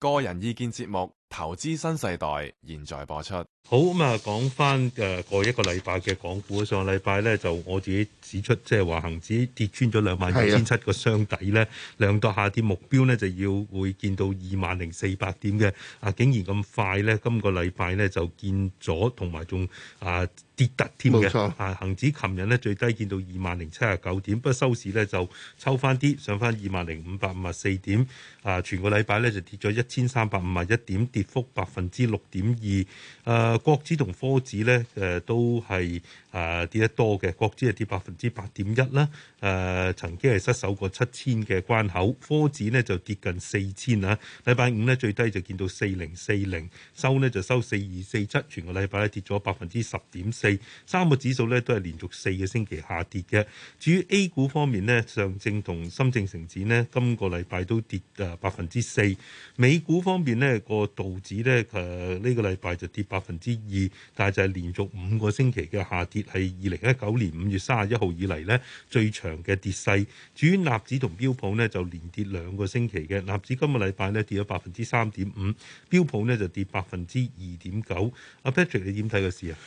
個人意見節目《投資新世代》現在播出。好咁啊，講翻誒，過一個禮拜嘅港股，上個禮拜咧就我自己指出，即係話恆指跌穿咗兩萬一千、啊、七個箱底咧，量度下跌目標咧就要會見到二萬零四百點嘅。啊，竟然咁快咧，今個禮拜咧就見咗，同埋仲啊。跌突添嘅，錯啊，恒指琴日咧最低見到二萬零七十九點，不過收市咧就抽翻啲，上翻二萬零五百五十四點，啊，全個禮拜咧就跌咗一千三百五十一點，跌幅百分之六點二，誒、啊，國指同科指咧誒都係。誒、啊、跌得多嘅，國指係跌百分之八點一啦。誒、啊、曾經係失守過七千嘅關口，科指呢就跌近四千啊。禮拜五呢最低就見到四零四零，收呢就收四二四七，全個禮拜咧跌咗百分之十點四。三個指數呢都係連續四個星期下跌嘅。至於 A 股方面呢，上證同深證成指呢今個禮拜都跌誒百分之四。美股方面呢個道指呢，誒呢個禮拜就跌百分之二，但係就係連續五個星期嘅下跌。係二零一九年五月三十一號以嚟咧最長嘅跌勢，至於納指同標普咧就連跌兩個星期嘅，納指今個禮拜咧跌咗百分之三點五，標普咧就跌百分之二點九。阿 Patrick 你點睇個市啊？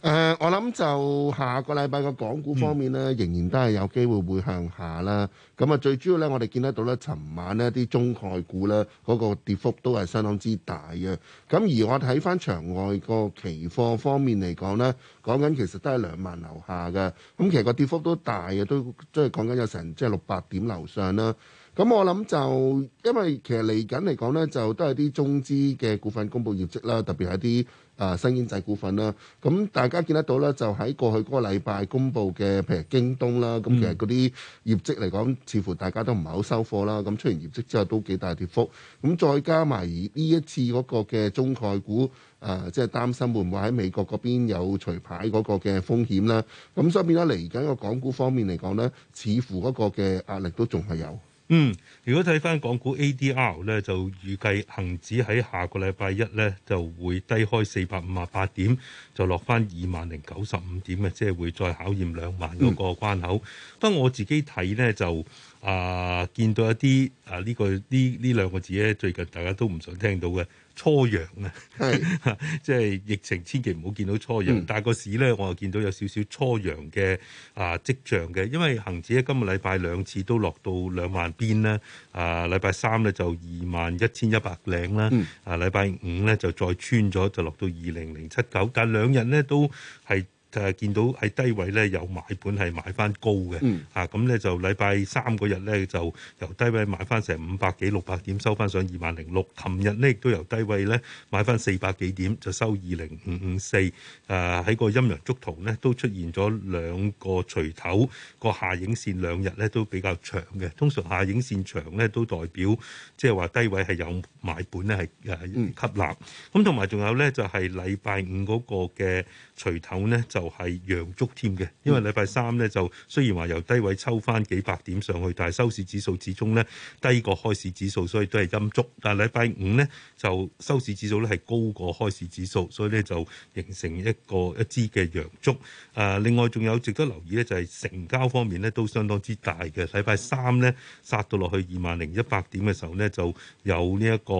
誒、呃，我諗就下個禮拜嘅港股方面咧，仍然都係有機會會向下啦。咁啊，最主要咧，我哋見得到咧，尋晚呢啲中概股咧嗰個跌幅都係相當之大嘅。咁而我睇翻場外個期貨方面嚟講咧，講緊其實都係兩萬樓下嘅。咁其實個跌幅都大嘅，都即係講緊有成即係六百點樓上啦。咁我諗就因為其實嚟緊嚟講咧，就都係啲中資嘅股份公佈業績啦，特別係啲。啊！新經濟股份啦，咁、啊、大家見得到咧，就喺過去嗰個禮拜公布嘅，譬如京東啦，咁、啊、其實嗰啲業績嚟講似乎大家都唔係好收貨啦。咁、啊、出完業績之後都幾大跌幅，咁、啊、再加埋呢一次嗰個嘅中概股誒即係擔心會唔會喺美國嗰邊有除牌嗰個嘅風險啦，咁、啊、所以變咗嚟緊個港股方面嚟講咧，似乎嗰個嘅壓力都仲係有。嗯，如果睇翻港股 ADR 咧，就預計恒指喺下個禮拜一咧就會低開四百五十八點，就落翻二萬零九十五點啊，即係會再考驗兩萬嗰個關口。不過、嗯、我自己睇咧就啊，見到一啲啊呢、這個呢呢兩個字咧，最近大家都唔想聽到嘅。初陽啊， 即係疫情千祈唔好見到初陽，嗯、但係個市咧，我又見到有少少初陽嘅啊跡象嘅，因為恆指咧今日禮拜兩次都落到兩萬邊啦，啊禮拜三咧就二萬一千一百零啦，啊禮拜五咧就再穿咗就落到二零零七九，但係兩日咧都係。就係、啊、見到喺低位咧有買盤係買翻高嘅，嚇咁咧就禮拜三嗰日咧就由低位買翻成五百幾六百點收翻上二萬零六。琴日呢，亦都由低位咧買翻四百幾點就收二零五五四。誒喺個陰陽燭圖咧都出現咗兩個錘頭，個下影線兩日咧都比較長嘅。通常下影線長咧都代表即係話低位係有買盤咧係誒吸納。咁同埋仲有咧就係禮拜五嗰個嘅錘頭咧就。就係陽燭添嘅， 嗯、因為禮拜三咧就雖然話由低位抽翻幾百點上去，但係收市指數始終咧低過開市指數，所以都係陰燭。但係禮拜五咧就收市指數咧係高過開市指數，所以咧就形成一個一支嘅陽燭。誒、啊，另外仲有值得留意咧，就係、是、成交方面咧都相當之大嘅。禮拜三咧殺到落去二萬零一百點嘅時候咧，就有呢、這、一個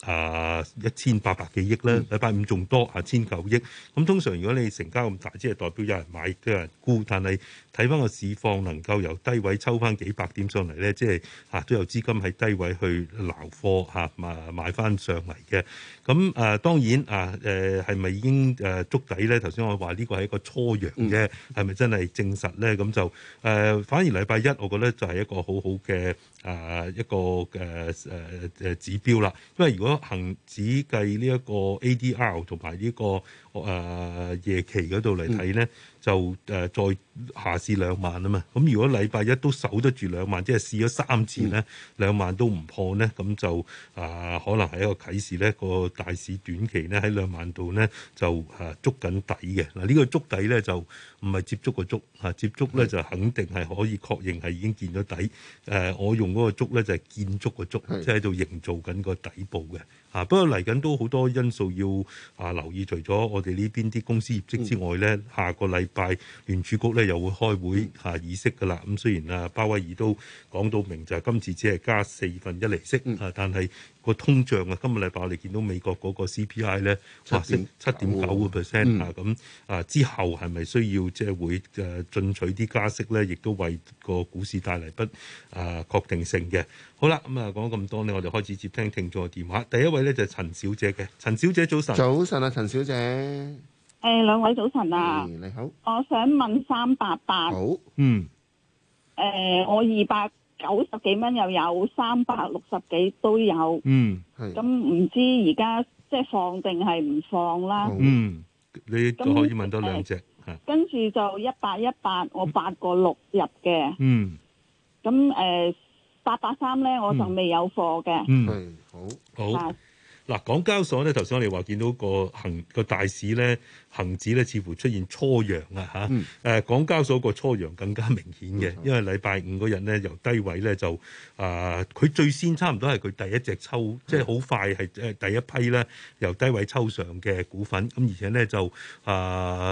誒一千八百幾億啦。禮拜五仲多啊千九億。咁、嗯嗯嗯、通常如果你成交咁大，即係代表有人買，都有人沽，但係睇翻個市況，能夠由低位抽翻幾百點上嚟咧，即係嚇、啊、都有資金喺低位去撈貨嚇、啊，買買翻上嚟嘅。咁誒當然啊誒係咪已經誒築底咧？頭先我話呢個係一個初陽啫，係咪真係證實咧？咁就誒、啊，反而禮拜一我覺得就係一個好好嘅啊一個誒誒誒指標啦。因為如果恆指計呢一個 ADR 同埋、這、呢個誒、啊、夜期嗰度嚟睇咧。嗯就誒、呃、再下試兩萬啊嘛，咁如果禮拜一都守得住兩萬，即係試咗三次咧，兩、嗯、萬都唔破咧，咁就啊、呃、可能係一個啟示咧，個大市短期咧喺兩萬度咧就啊捉緊底嘅。嗱呢個築底咧、這個、就唔係接觸個觸，啊接觸咧就肯定係可以確認係已經見到底。誒、呃、我用嗰個築咧就係建築個築，即係喺度營造緊個底部嘅。啊！不過嚟緊都好多因素要啊留意，除咗我哋呢邊啲公司業績之外咧，嗯、下個禮拜聯儲局咧又會開會啊議息噶啦。咁雖然啊，鮑威爾都講到明就係今次只係加四分一利息，嗯、啊，但係，個通脹啊！今日禮拜我哋見到美國嗰個 CPI 咧，哇，先七點九個 percent 啊！咁、嗯、啊，之後係咪需要即係、就是、會誒進取啲加息咧？亦都為個股市帶嚟不啊確定性嘅。好啦，咁啊講咁多咧，我哋開始接聽聽眾嘅電話。第一位咧就係、是、陳小姐嘅。陳小姐早晨。早晨啊，陳小姐。誒、欸，兩位早晨啊、欸！你好。我想問三八八。好。嗯。誒、呃，我二百。九十幾蚊，又有三百六十幾都有。嗯，係，咁唔知而家即係放定係唔放啦，嗯，嗯，你都可以問多兩隻，跟住就一百一百，我八個六入嘅。嗯，咁誒八百三呢，我就未有貨嘅。嗯，嗯，好，嗯，好。好嗱，港交所咧，頭先我哋話見到個恆個大市咧，恒指咧似乎出現初陽啊嚇，誒、嗯呃、港交所個初陽更加明顯嘅，嗯、因為禮拜五嗰日咧由低位咧就啊，佢、呃、最先差唔多係佢第一隻抽，即係好快係第一批咧由低位抽上嘅股份，咁、嗯、而且咧就啊、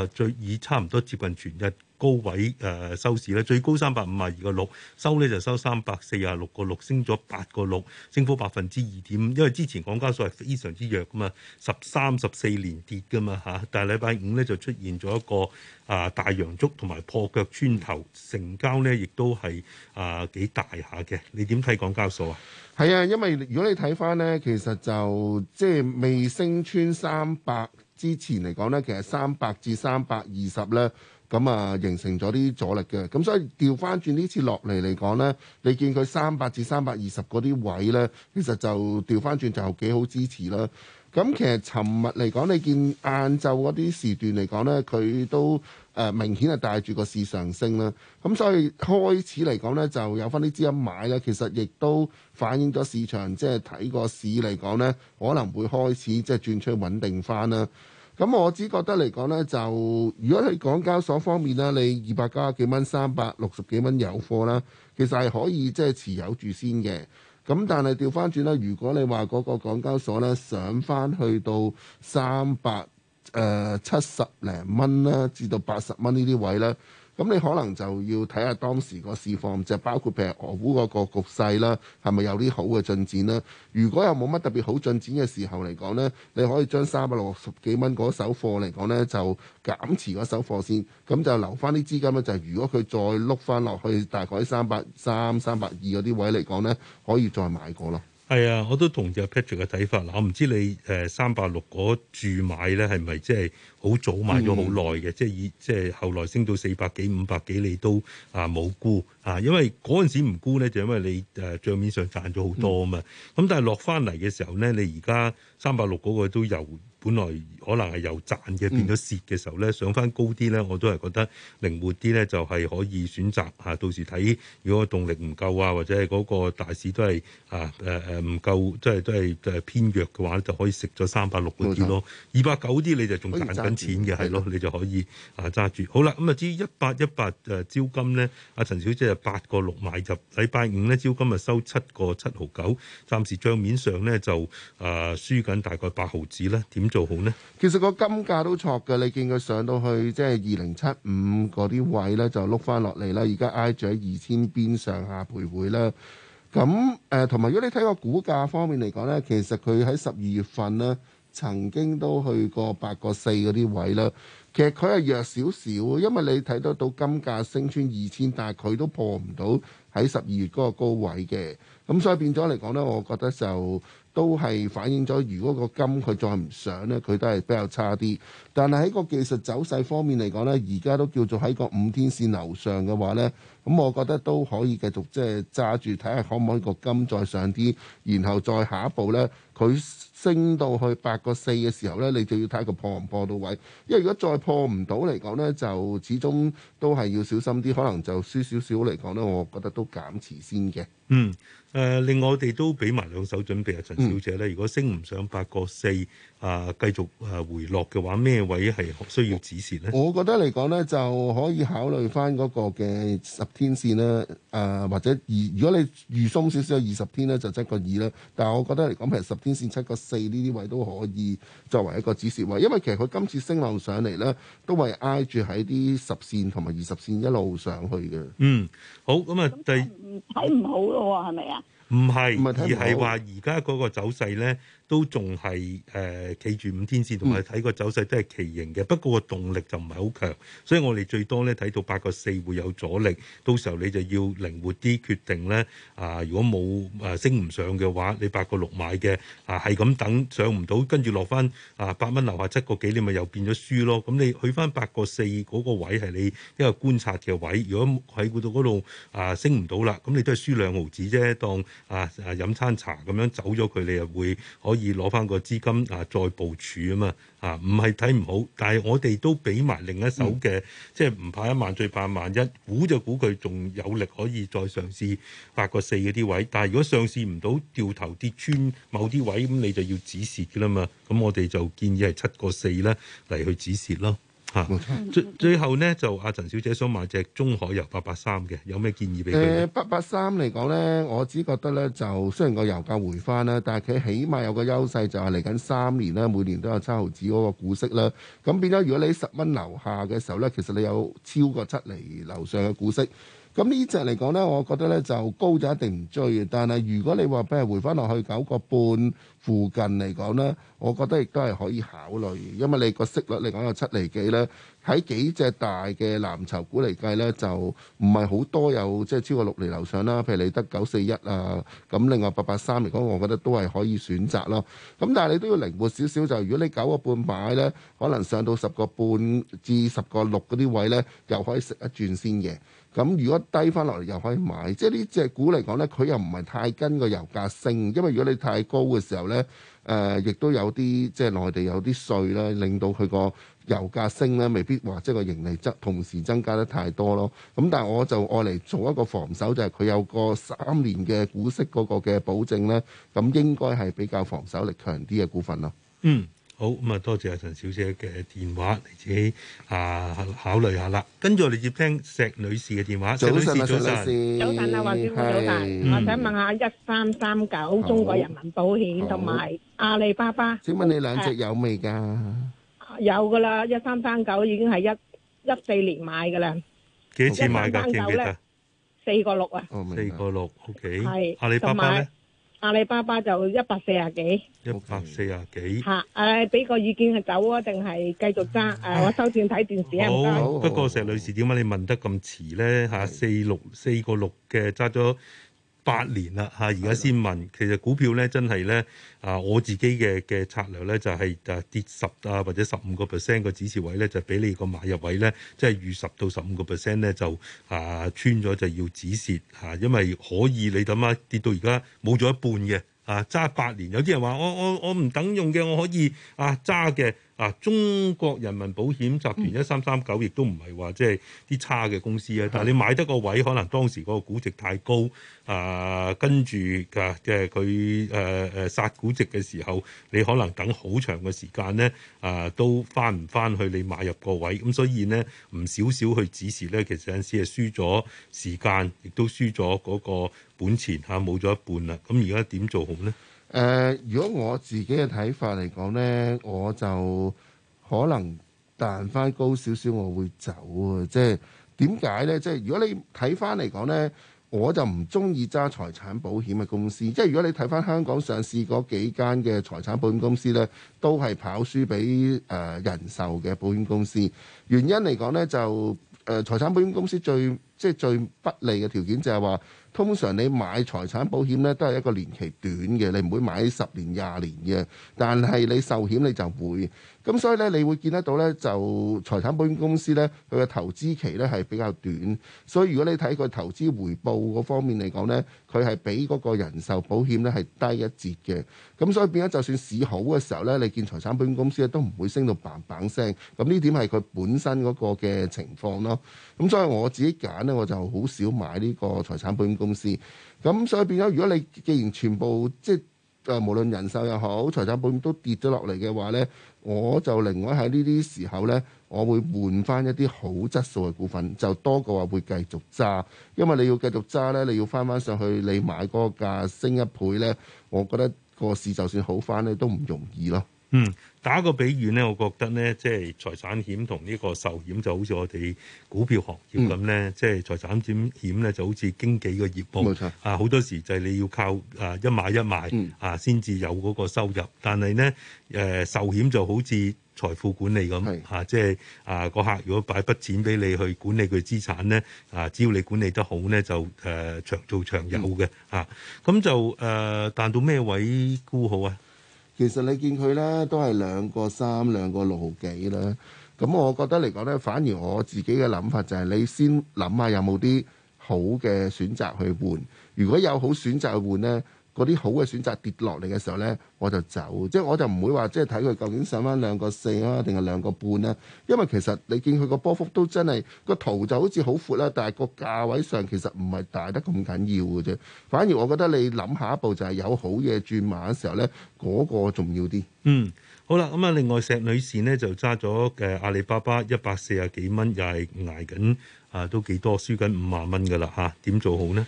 呃、最以差唔多接近全日。高位誒、呃、收市咧，最高三百五十二個六，收咧就收三百四十六個六，升咗八個六，升幅百分之二點五。因為之前港交所係非常之弱噶嘛，十三十四連跌噶嘛嚇，但係禮拜五咧就出現咗一個啊、呃、大陽燭，同埋破腳穿頭成交咧，亦都係啊幾大下嘅。你點睇港交所啊？係啊，因為如果你睇翻咧，其實就即係、就是、未升穿三百之前嚟講咧，其實三百至三百二十咧。咁啊，形成咗啲阻力嘅，咁所以調翻轉呢次落嚟嚟講呢，你見佢三百至三百二十嗰啲位呢，其實就調翻轉就幾好支持啦。咁其實尋日嚟講，你見晏晝嗰啲時段嚟講呢，佢都誒明顯係帶住個市上升啦。咁所以開始嚟講呢，就有翻啲資金買啦。其實亦都反映咗市場，即係睇個市嚟講呢，可能會開始即係轉出去穩定翻啦。咁我只覺得嚟講呢，就如果喺港交所方面呢，你二百九十幾蚊、三百六十幾蚊有貨啦，其實係可以即係持有住先嘅。咁但係調翻轉啦，如果你話嗰個港交所呢，上翻去到三百誒七十零蚊啦，至到八十蚊呢啲位呢。咁你可能就要睇下當時個市況，就包括譬如俄烏嗰個局勢啦，係咪有啲好嘅進展啦？如果又冇乜特別好進展嘅時候嚟講呢，你可以將三百六十幾蚊嗰手貨嚟講呢，就減持嗰手貨先，咁就留翻啲資金咧。就如果佢再碌翻落去大概三百三、三百二嗰啲位嚟講呢，可以再買過咯。係啊，我都同意阿 Patrick 嘅睇法啦。我唔知你誒三百六嗰注買咧係咪即係好早買咗好耐嘅？即係以即係後來升到四百幾五百幾，你都啊冇沽，啊，因為嗰陣時唔沽咧就因為你誒帳面上賺咗好多啊嘛。咁、嗯、但係落翻嚟嘅時候咧，你而家三百六嗰個都有。本來可能係由賺嘅變咗蝕嘅時候咧，上翻高啲咧，我都係覺得靈活啲咧，就係可以選擇嚇、啊。到時睇如果動力唔夠啊，或者係嗰個大市都係啊誒誒唔夠，即係都係誒偏弱嘅話就可以食咗三百六嗰啲咯，二百九啲你就仲賺緊錢嘅，係咯，你就可以啊揸住。好啦，咁啊至於一八一八誒招金咧，阿陳小姐啊八個六買入禮拜五咧招金啊收七個七毫九，暫時帳面上咧就啊、呃、輸緊大概八毫子啦，點？做好咧，其實個金價都錯嘅，你見佢上到去即係二零七五嗰啲位呢，就碌翻落嚟啦。而家挨住喺二千邊上下徘徊啦。咁誒，同埋如果你睇個股價方面嚟講呢，其實佢喺十二月份呢曾經都去過八個四嗰啲位啦。其實佢係弱少少，因為你睇得到金價升穿二千，但係佢都破唔到喺十二月嗰個高位嘅。咁所以變咗嚟講呢，我覺得就。都係反映咗，如果個金佢再唔上呢，佢都係比較差啲。但係喺個技術走勢方面嚟講呢，而家都叫做喺個五天線樓上嘅話呢，咁我覺得都可以繼續即係揸住睇下可唔可以個金再上啲，然後再下一步呢，佢升到去八個四嘅時候呢，你就要睇個破唔破到位。因為如果再破唔到嚟講呢，就始終都係要小心啲，可能就輸少少嚟講呢，我覺得都減持先嘅。嗯。誒、呃，另外我哋都俾埋兩手準備啊，陳小姐咧，如果升唔上八個四。啊，繼續啊，回落嘅話，咩位係需要指示呢？我覺得嚟講呢，就可以考慮翻嗰個嘅十天線啦。啊，或者二，如果你預鬆少少二十天呢就七個二啦。但係我覺得嚟講，其實十天線七個四呢啲位都可以作為一個指示位，因為其實佢今次升浪上嚟呢，都係挨住喺啲十線同埋二十線一路上去嘅。嗯，好，咁、嗯、啊，第睇唔好咯，係咪啊？唔係，而係話而家嗰個走勢呢。都仲係誒，企住五天線同埋睇個走勢都係旗形嘅。嗯、不過個動力就唔係好強，所以我哋最多咧睇到八個四會有阻力。到時候你就要靈活啲決定咧、呃。啊，如果冇誒，升唔上嘅話，你八個六買嘅啊，係咁等上唔到，跟住落翻啊八蚊樓下七個幾，你咪又變咗輸咯。咁你去翻八個四嗰個位係你一個觀察嘅位。如果喺嗰度嗰度啊升唔到啦，咁你都係輸兩毫紙啫。當啊啊飲餐茶咁樣走咗佢，你又會可以以攞翻個資金啊，再部署啊嘛，嚇唔係睇唔好，但係我哋都俾埋另一手嘅，嗯、即係唔怕一萬，最怕萬一，估就估佢仲有力可以再上市八個四嗰啲位，但係如果上市唔到，掉頭跌穿某啲位，咁你就要止蝕㗎啦嘛，咁我哋就建議係七個四咧嚟去止蝕咯。吓、啊，最最後呢，就阿陳小姐想買隻中海油八八三嘅，有咩建議俾佢？八八三嚟講呢，我只覺得呢，就雖然個油價回翻啦，但係佢起碼有個優勢就係嚟緊三年啦，每年都有七毫子嗰個股息啦。咁變咗如果你十蚊樓下嘅時候呢，其實你有超過七厘樓上嘅股息。咁呢隻嚟講呢，我覺得呢就高就一定唔追，但係如果你話譬如回翻落去九個半附近嚟講呢，我覺得亦都係可以考慮，因為你個息率嚟講有七厘幾呢，喺幾隻大嘅藍籌股嚟計呢，就唔係好多有即係、就是、超過六厘樓上啦。譬如你得九四一啊，咁另外八八三嚟講，我覺得都係可以選擇咯。咁但係你都要靈活少少，就是、如果你九個半買呢，可能上到十個半至十個六嗰啲位呢，又可以食一轉先嘅。咁如果低返落嚟又可以買，即係呢隻股嚟講呢，佢又唔係太跟個油價升，因為如果你太高嘅時候呢，誒、呃、亦都有啲即係內地有啲稅咧，令到佢個油價升呢，未必話即係個盈利增同時增加得太多咯。咁但係我就愛嚟做一個防守，就係、是、佢有個三年嘅股息嗰個嘅保證呢，咁應該係比較防守力強啲嘅股份咯。嗯。好，咁啊，多謝阿陳小姐嘅電話，你自己啊，考慮下啦。跟住我哋接聽石女士嘅電話。石女士，早晨啊，黃先生，早晨。我想問下，一三三九中國人民保險同埋阿里巴巴。請問你兩隻有未噶？有噶啦，一三三九已經係一一四年買噶啦。幾多錢買噶？幾日噶？四個六啊。四個六，OK。係。阿里巴巴咧？阿里巴巴就一百四啊幾，一百四啊幾。吓，誒，俾個意見係走啊，定係繼續揸？誒，我收線睇電視。好，不過石女士點解你問得咁遲咧？嚇，四六四個六嘅揸咗。八年啦嚇，而家先問，的其實股票咧真係咧啊，我自己嘅嘅策略咧就係啊跌十啊或者十五個 percent 個指數位咧就俾你個買入位咧，即係預十到十五個 percent 咧就啊穿咗就要止蝕嚇、啊，因為可以你諗下跌到而家冇咗一半嘅。啊揸八年，有啲人話我我我唔等用嘅，我可以啊揸嘅。啊、中國人民保險集團一三三九亦都唔係話即係啲差嘅公司啊，嗯、但係你買得個位，可能當時嗰個估值太高啊，跟住嘅即係佢誒誒殺估值嘅時候，你可能等好長嘅時間呢啊，都翻唔翻去你買入個位，咁所以呢，唔少少去指示呢。其實有陣時係輸咗時間，亦都輸咗嗰個本錢嚇，冇、啊、咗一半啦。咁而家點做好呢？誒、呃，如果我自己嘅睇法嚟講呢，我就可能彈翻高少少，我會走啊！即係點解呢？即係如果你睇翻嚟講呢，我就唔中意揸財產保險嘅公司。即係如果你睇翻香港上市嗰幾間嘅財產保險公司呢，都係跑輸俾誒、呃、人壽嘅保險公司。原因嚟講呢就誒、呃、財產保險公司最。即係最不利嘅條件就係話，通常你買財產保險咧都係一個年期短嘅，你唔會買十年廿年嘅。但係你壽險你就會咁，所以咧你會見得到咧就財產保險公司咧佢嘅投資期咧係比較短，所以如果你睇佢投資回報嗰方面嚟講咧，佢係比嗰個人壽保險咧係低一截嘅。咁所以變咗，就算市好嘅時候咧，你見財產保險公司都唔會升到棒棒聲，咁呢點係佢本身嗰個嘅情況咯。咁所以我自己揀。我就好少買呢個財產保險公司，咁所以變咗，如果你既然全部即係誒，無論人壽又好，財產保險都跌咗落嚟嘅話呢，我就另外喺呢啲時候呢，我會換翻一啲好質素嘅股份，就多嘅話會繼續揸，因為你要繼續揸呢，你要翻翻上去，你買嗰個價升一倍呢，我覺得個市就算好翻呢，都唔容易咯。嗯。打個比喻咧，我覺得咧，即係財產險同呢個壽險就好似我哋股票行業咁咧，嗯、即係財產險險咧就好似經紀嘅業務，冇錯啊好多時就係你要靠啊一買一賣、嗯、啊先至有嗰個收入，但係咧誒壽險就好似財富管理咁是啊，即係啊個客如果擺筆錢俾你去管理佢資產咧啊，只要你管理得好咧就誒、啊、長做長有嘅、嗯、啊，咁就誒彈、呃、到咩位估好啊？其實你見佢咧，都係兩個三兩個六號幾啦。咁我覺得嚟講呢，反而我自己嘅諗法就係，你先諗下有冇啲好嘅選擇去換。如果有好選擇去換呢，嗰啲好嘅選擇跌落嚟嘅時候呢，我就走，即係我就唔會話即係睇佢究竟上返兩個四啊，定係兩個半咧、啊。因為其實你見佢個波幅都真係個圖就好似好闊啦、啊，但係個價位上其實唔係大得咁緊要嘅啫。反而我覺得你諗下一步就係有好嘢轉馬嘅時候呢，嗰、嗰個重要啲。嗯，好啦，咁、嗯、啊，另外石女士呢就揸咗誒阿里巴巴一百四十幾蚊，又係捱緊啊，都幾多，輸緊五萬蚊嘅啦吓，點、啊、做好呢？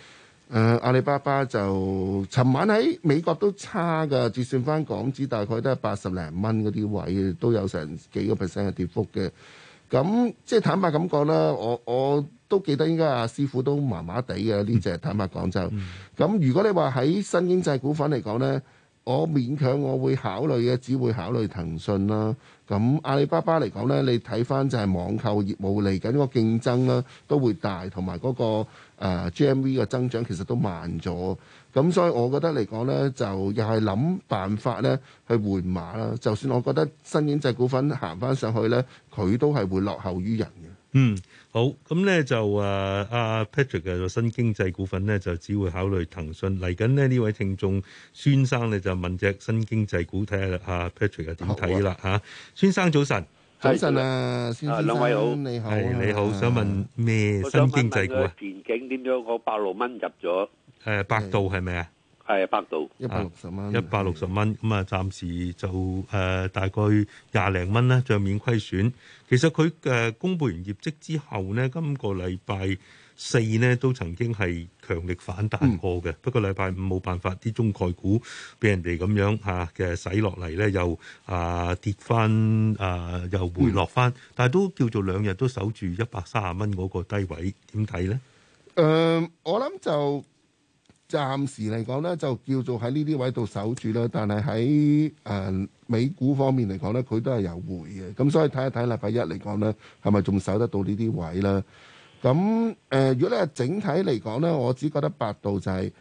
誒、呃、阿里巴巴就尋晚喺美國都差㗎，折算翻港紙大概都係八十零蚊嗰啲位，都有成幾個 percent 嘅跌幅嘅。咁即係坦白咁講啦，我我都記得應該阿師傅都麻麻地嘅呢隻坦白講就。咁如果你話喺新經濟股份嚟講呢，我勉強我會考慮嘅，只會考慮騰訊啦。咁阿里巴巴嚟講呢，你睇翻就係網購業務嚟緊個競爭啦、啊，都會大，同埋嗰個、呃、GMV 嘅增長其實都慢咗。咁所以我覺得嚟講呢，就又係諗辦法呢去換馬啦。就算我覺得新經濟股份行翻上去呢，佢都係會落後於人嘅。嗯，好，咁咧就啊，阿 Patrick 嘅新經濟股份咧就只會考慮騰訊。嚟緊咧，呢位聽眾孫生你就問隻新經濟股睇下啦，阿、啊、Patrick 又點睇啦嚇？孫生早晨，早晨啊，孫生，啊、兩位好，你好，你、哎、好，想問咩新經濟股問問啊？前景點樣？我百六蚊入咗，誒、啊，百度係咪啊？係百到一百六十蚊，一百六十蚊咁啊！暫、嗯嗯、時就誒、呃，大概廿零蚊啦。賬面虧損。其實佢誒、呃、公布完業績之後呢，今個禮拜四呢都曾經係強力反彈過嘅。嗯、不過禮拜五冇辦法，啲中概股俾人哋咁樣吓嘅使落嚟呢又啊、呃、跌翻啊、呃，又回落翻。嗯、但係都叫做兩日都守住一百三十蚊嗰個低位，點睇呢？誒、呃，我諗就。暫時嚟講呢就叫做喺呢啲位度守住啦。但係喺誒，美股方面嚟講呢，佢都係有回嘅。咁所以睇一睇啦，禮拜一嚟講呢，係咪仲守得到呢啲位咧？咁、誒、呃，如果咧，整體嚟講呢，我只覺得百度就係、是、誒、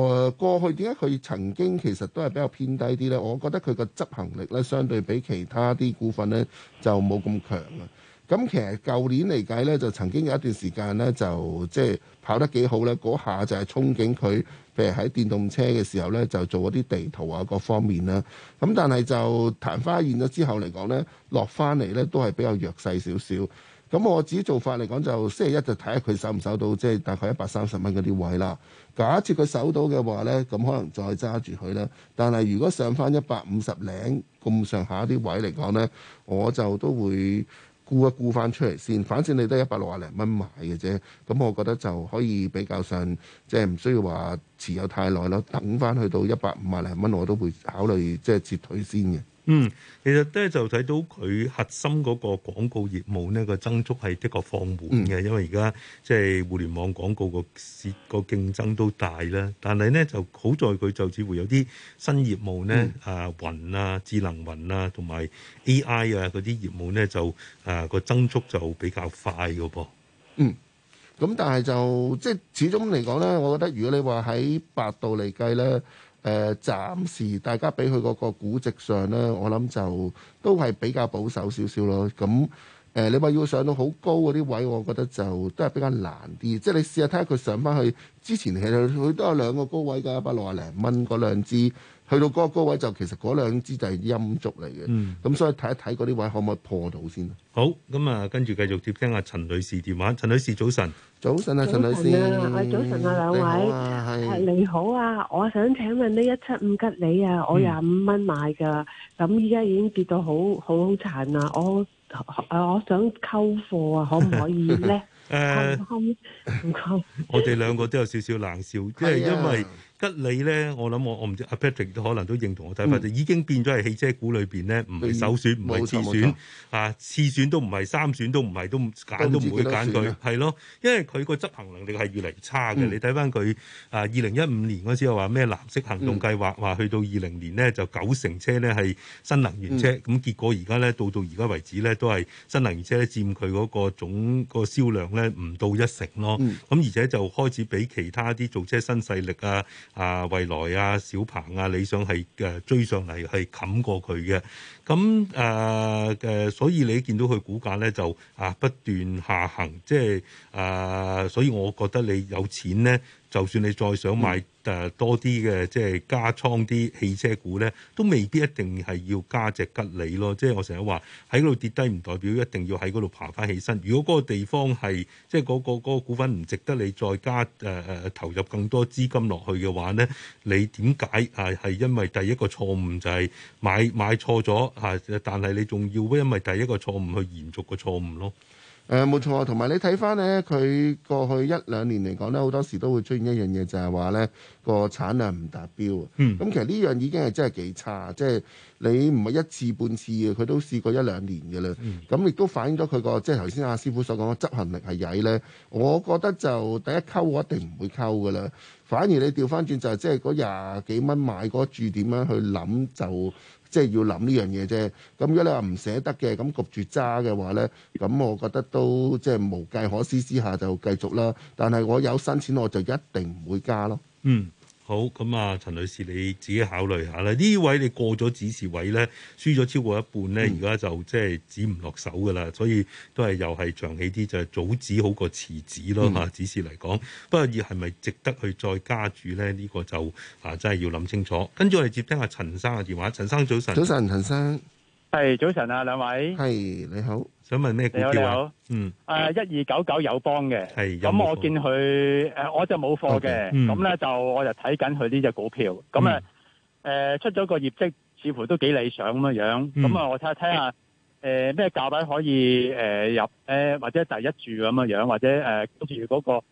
呃，過去點解佢曾經其實都係比較偏低啲呢。我覺得佢個執行力呢，相對比其他啲股份呢，就冇咁強啊。咁其實舊年嚟計咧，就曾經有一段時間咧，就即係跑得幾好咧。嗰下就係憧憬佢，譬如喺電動車嘅時候咧，就做一啲地圖啊，各方面啦。咁但係就曇花現咗之後嚟講咧，落翻嚟咧都係比較弱勢少少。咁我自己做法嚟講，就星期一就睇下佢守唔守到即係、就是、大概一百三十蚊嗰啲位啦。假設佢守到嘅話咧，咁可能再揸住佢啦。但係如果上翻一百五十零咁上下啲位嚟講咧，我就都會。沽一沽翻出嚟先，反正你都一百六啊零蚊買嘅啫，咁我覺得就可以比較上，即係唔需要話持有太耐咯，等翻去到一百五啊零蚊，我都會考慮，即係撤退先嘅。嗯，其實咧就睇到佢核心嗰個廣告業務呢個增速係的確放緩嘅，嗯、因為而家即係互聯網廣告個市個競爭都大啦。但係呢，就好在佢就似乎有啲新業務呢，嗯、啊雲啊智能雲啊同埋 AI 啊嗰啲業務呢，就啊個增速就比較快嘅噃。嗯，咁但係就即係始終嚟講呢，我覺得如果你話喺百度嚟計呢。誒、呃、暫時大家俾佢嗰個估值上咧，我諗就都係比較保守少少咯。咁誒、呃，你話要上到好高嗰啲位，我覺得就都係比較難啲。即係你試下睇下佢上翻去之前其實佢都有兩個高位㗎，一百六啊零蚊嗰兩支。去到嗰個位就其實嗰兩支就係陰燭嚟嘅，咁所以睇一睇嗰啲位可唔可以破到先？好，咁啊，跟住繼續接聽阿陳女士電話。陳女士早晨，早晨啊，陳女士，早晨啊，兩位，你好啊，我想請問呢一七五吉利啊，我廿五蚊買㗎，咁依家已經跌到好好好殘啦，我啊我想溝貨啊，可唔可以咧？溝唔溝？我哋兩個都有少少冷笑，即係因為。吉利咧，我諗我我唔知阿 Patrick 都可能都認同我睇法，就、嗯、已經變咗係汽車股裏邊咧，唔係首選，唔係、嗯、次選，錯啊次選都唔係，三選都唔係，都揀都唔會揀佢，係咯、嗯，因為佢個執行能力係越嚟越差嘅。嗯、你睇翻佢啊，二零一五年嗰時又話咩藍色行動計劃，話、嗯、去到二零年咧就九成車咧係新能源車，咁、嗯嗯、結果而家咧到到而家為止咧都係新能源車咧佔佢嗰個總個銷量咧唔到一成咯。咁、嗯嗯、而且就開始比其他啲造車新勢力啊。啊，蔚來啊，小鵬啊，理想係誒、啊、追上嚟，係冚過佢嘅。咁誒誒，所以你見到佢股價咧，就啊不斷下行，即、就、係、是、啊，所以我覺得你有錢咧。就算你再想買誒多啲嘅，即係加倉啲汽車股呢，都未必一定係要加隻吉利咯。即係我成日話喺嗰度跌低，唔代表一定要喺嗰度爬翻起身。如果嗰個地方係即係嗰個嗰個股份唔值得你再加誒誒、呃、投入更多資金落去嘅話呢，你點解啊？係因為第一個錯誤就係買買錯咗啊！但係你仲要因為第一個錯誤去延續個錯誤咯。誒冇錯，同埋你睇翻咧，佢過去一兩年嚟講咧，好多時都會出現一樣嘢，就係話咧個產量唔達標。嗯，咁其實呢樣已經係真係幾差，即係你唔係一次半次嘅，佢都試過一兩年嘅啦。咁亦都反映咗佢個即係頭先阿師傅所講嘅執行力係曳咧。我覺得就第一溝我一定唔會溝嘅啦，反而你調翻轉就係即係嗰廿幾蚊買嗰注點樣去諗就。即係要諗呢樣嘢啫，咁如果你話唔捨得嘅，咁焗住揸嘅話呢，咁我覺得都即係無計可施之下就繼續啦。但係我有新錢我就一定唔會加咯。嗯。好，咁啊，陳女士你自己考慮下啦。呢位你過咗指示位咧，輸咗超過一半咧，而家、嗯、就即係止唔落手噶啦。所以都係又係長氣啲，就係、是、早止好過遲止咯嚇。嗯、指示嚟講，不過要係咪值得去再加注咧？呢、這個就啊，真係要諗清楚。跟住我哋接聽下陳生嘅電話。陳生早晨，早晨陳生，係早晨啊，兩位，係你好。想問咩股票？你好你好，嗯，誒、啊，一二九九友邦嘅，係咁、嗯、我見佢誒，嗯、我就冇貨嘅，咁咧、okay, 嗯、就我就睇緊佢呢隻股票，咁啊，誒、嗯、出咗個業績，似乎都幾理想咁樣樣，咁啊、嗯，我睇下睇下誒咩價位可以誒、呃、入，誒、呃、或者第一注咁樣樣，或者誒跟、呃、住、嗰個。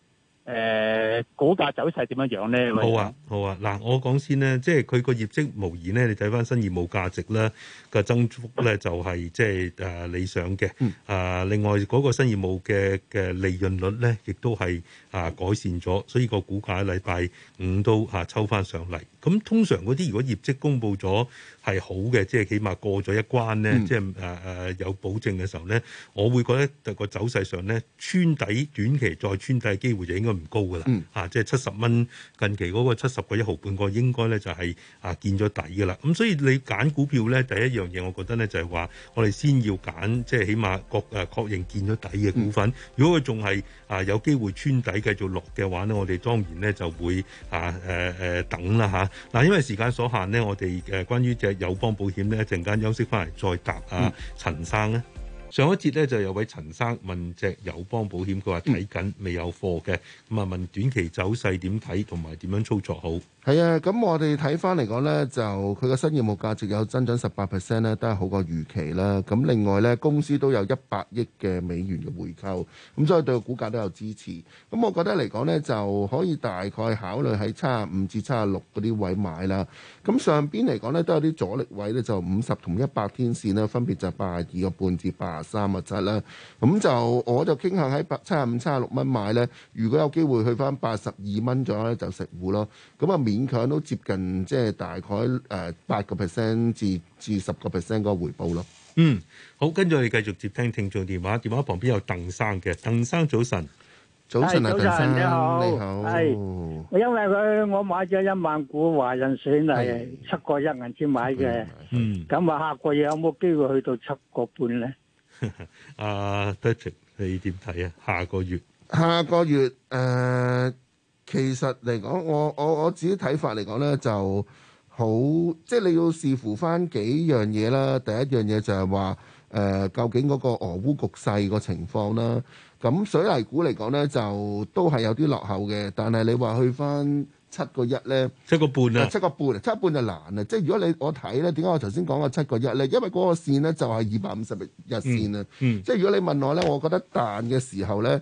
誒股價走勢點樣樣咧？好啊，好啊！嗱，我講先咧，即係佢個業績無疑咧，你睇翻新業務價值咧個增幅咧，就係即係誒理想嘅。嗯、啊，另外嗰個新業務嘅嘅利潤率咧，亦都係啊改善咗，所以個股價禮拜五都嚇抽翻上嚟。咁通常嗰啲如果業績公布咗，係好嘅，即係起碼過咗一關咧，mm. 即係誒誒有保證嘅時候咧，我會覺得就個走勢上咧穿底短期再穿底嘅機會就應該唔高㗎啦，嚇、mm. 啊！即係七十蚊近期嗰個七十個一毫半個應該咧就係啊見咗底㗎啦。咁所以你揀股票咧，第一樣嘢，我覺得咧就係話我哋先要揀即係起碼確誒確認見咗底嘅股份。Mm. 如果佢仲係啊有機會穿底繼續落嘅話咧，我哋當然咧就會、呃呃、啊誒誒等啦嚇。嗱、啊，因為時間所限咧，我哋誒關於只。友邦保險呢，一陣間休息翻嚟再答啊。陳生咧，上一節咧就有位陳生問隻友邦保險，佢話睇緊未有貨嘅。咁啊、嗯、問短期走勢點睇同埋點樣操作好。係啊，咁我哋睇翻嚟講呢，就佢個新業務價值有增長十八 percent 咧，都係好過預期啦。咁另外呢，公司都有一百億嘅美元嘅回購，咁所以對個股價都有支持。咁我覺得嚟講呢，就可以大概考慮喺七十五至七十六嗰啲位買啦。咁上邊嚟講呢，都有啲阻力位呢，就五十同一百天線呢，分別就八十二個半至八十三個七啦。咁就我就傾向喺七十五七十六蚊買呢。如果有機會去翻八十二蚊左右呢，就食糊咯。咁啊，勉強都接近，即係大概誒八個 percent 至至十個 percent 個回報咯。嗯，好，跟住我哋繼續接聽聽眾電話，電話旁邊有鄧生嘅。鄧生早晨。早晨啊，鄧生你好。係我因為佢我買咗一萬股華人水泥，七個一銀紙買嘅，嗯，咁話下個月有冇機會去到七個半咧？阿 Betty，你點睇啊？下個月，下個月誒。其實嚟講，我我我自己睇法嚟講呢就好即係你要視乎翻幾樣嘢啦。第一樣嘢就係話誒，究竟嗰個俄烏局勢個情況啦。咁水泥股嚟講呢，就都係有啲落後嘅。但係你話去翻七個一呢？七個半啦、啊，七個半，七個半就難喇！即係如果你我睇呢，點解我頭先講過七個一呢？因為嗰個線呢就係二百五十日日線啊。嗯嗯、即係如果你問我呢，我覺得彈嘅時候呢。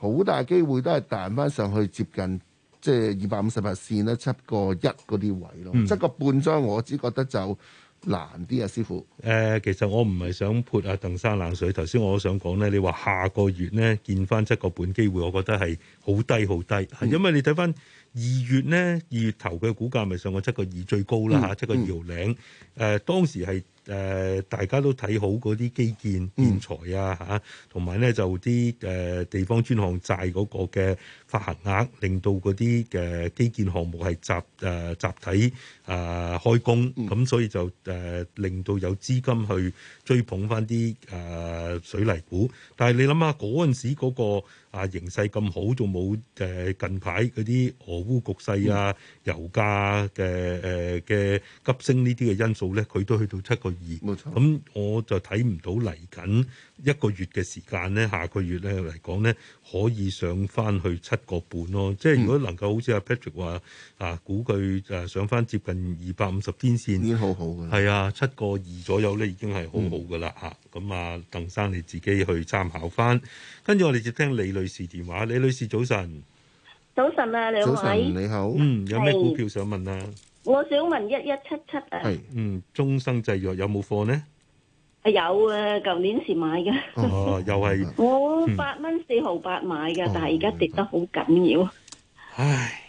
好大機會都係彈翻上去接近，即係二百五十八線咧，七個一嗰啲位咯。嗯、七個半張我只覺得就難啲啊，師傅。誒、呃，其實我唔係想潑阿、啊、鄧生冷水。頭先我想講咧，你話下個月咧見翻七個半機會，我覺得係好低好低，係、嗯、因為你睇翻二月咧，二月頭嘅股價咪上過七個二最高啦嚇，嗯、七個二頭頂。誒、嗯嗯嗯，當時係。誒、呃，大家都睇好嗰啲基建建材啊，嚇、啊，同埋咧就啲誒、呃、地方專項債嗰個嘅發行額，令到嗰啲嘅基建項目係集誒、呃、集體啊、呃、開工，咁、嗯、所以就誒、呃、令到有資金去追捧翻啲誒水泥股，但係你諗下嗰陣時嗰、嗰個。啊，形勢咁好，仲冇誒近排嗰啲俄烏局勢啊、嗯、油價嘅誒嘅急升呢啲嘅因素咧，佢都去到七個二。冇錯。咁我就睇唔到嚟緊一個月嘅時間咧，下個月咧嚟講咧，可以上翻去七個半咯。即係如果能夠、嗯、好似阿 Patrick 話，啊估佢誒上翻接近二百五十天線，已經好好嘅。係啊、嗯，七個二左右咧，已經係好好嘅啦嚇。咁啊，鄧生你自己去參考翻。跟住我哋接聽李女士電話。李女士早晨，早晨啊，兩位早晨，你好，嗯，有咩股票想問啊？我想問一一七七啊，係嗯，眾生製藥有冇貨呢？係有啊，舊年時買嘅，哦，又係我八蚊四毫八買嘅，但係而家跌得好緊要，唉，